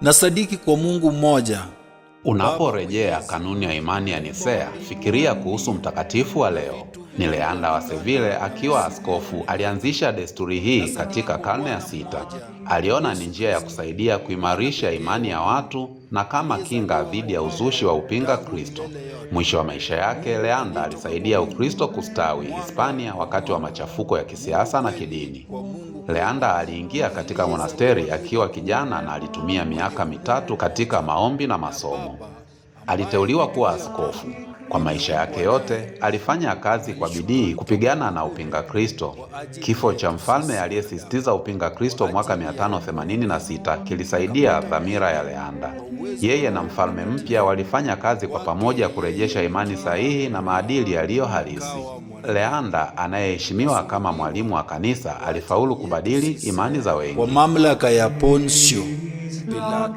na sadiki kwa Mungu mmoja. Unaporejea kanuni ya imani ya Nisea, fikiria kuhusu mtakatifu wa leo. Ni Leanda wa Seville akiwa askofu alianzisha desturi hii katika karne ya sita. Aliona ni njia ya kusaidia kuimarisha imani ya watu na kama kinga dhidi ya uzushi wa upinga Kristo. Mwisho wa maisha yake, Leanda alisaidia Ukristo kustawi Hispania wakati wa machafuko ya kisiasa na kidini. Leanda aliingia katika monasteri akiwa kijana na alitumia miaka mitatu katika maombi na masomo. Aliteuliwa kuwa askofu. Kwa maisha yake yote alifanya kazi kwa bidii kupigana na upinga Kristo. Kifo cha mfalme aliyesisitiza upinga Kristo mwaka 586 kilisaidia dhamira ya leanda Yeye na mfalme mpya walifanya kazi kwa pamoja kurejesha imani sahihi na maadili yaliyo halisi. leanda anayeheshimiwa kama mwalimu wa kanisa alifaulu kubadili imani za wengi kwa mamlaka ya Ponsio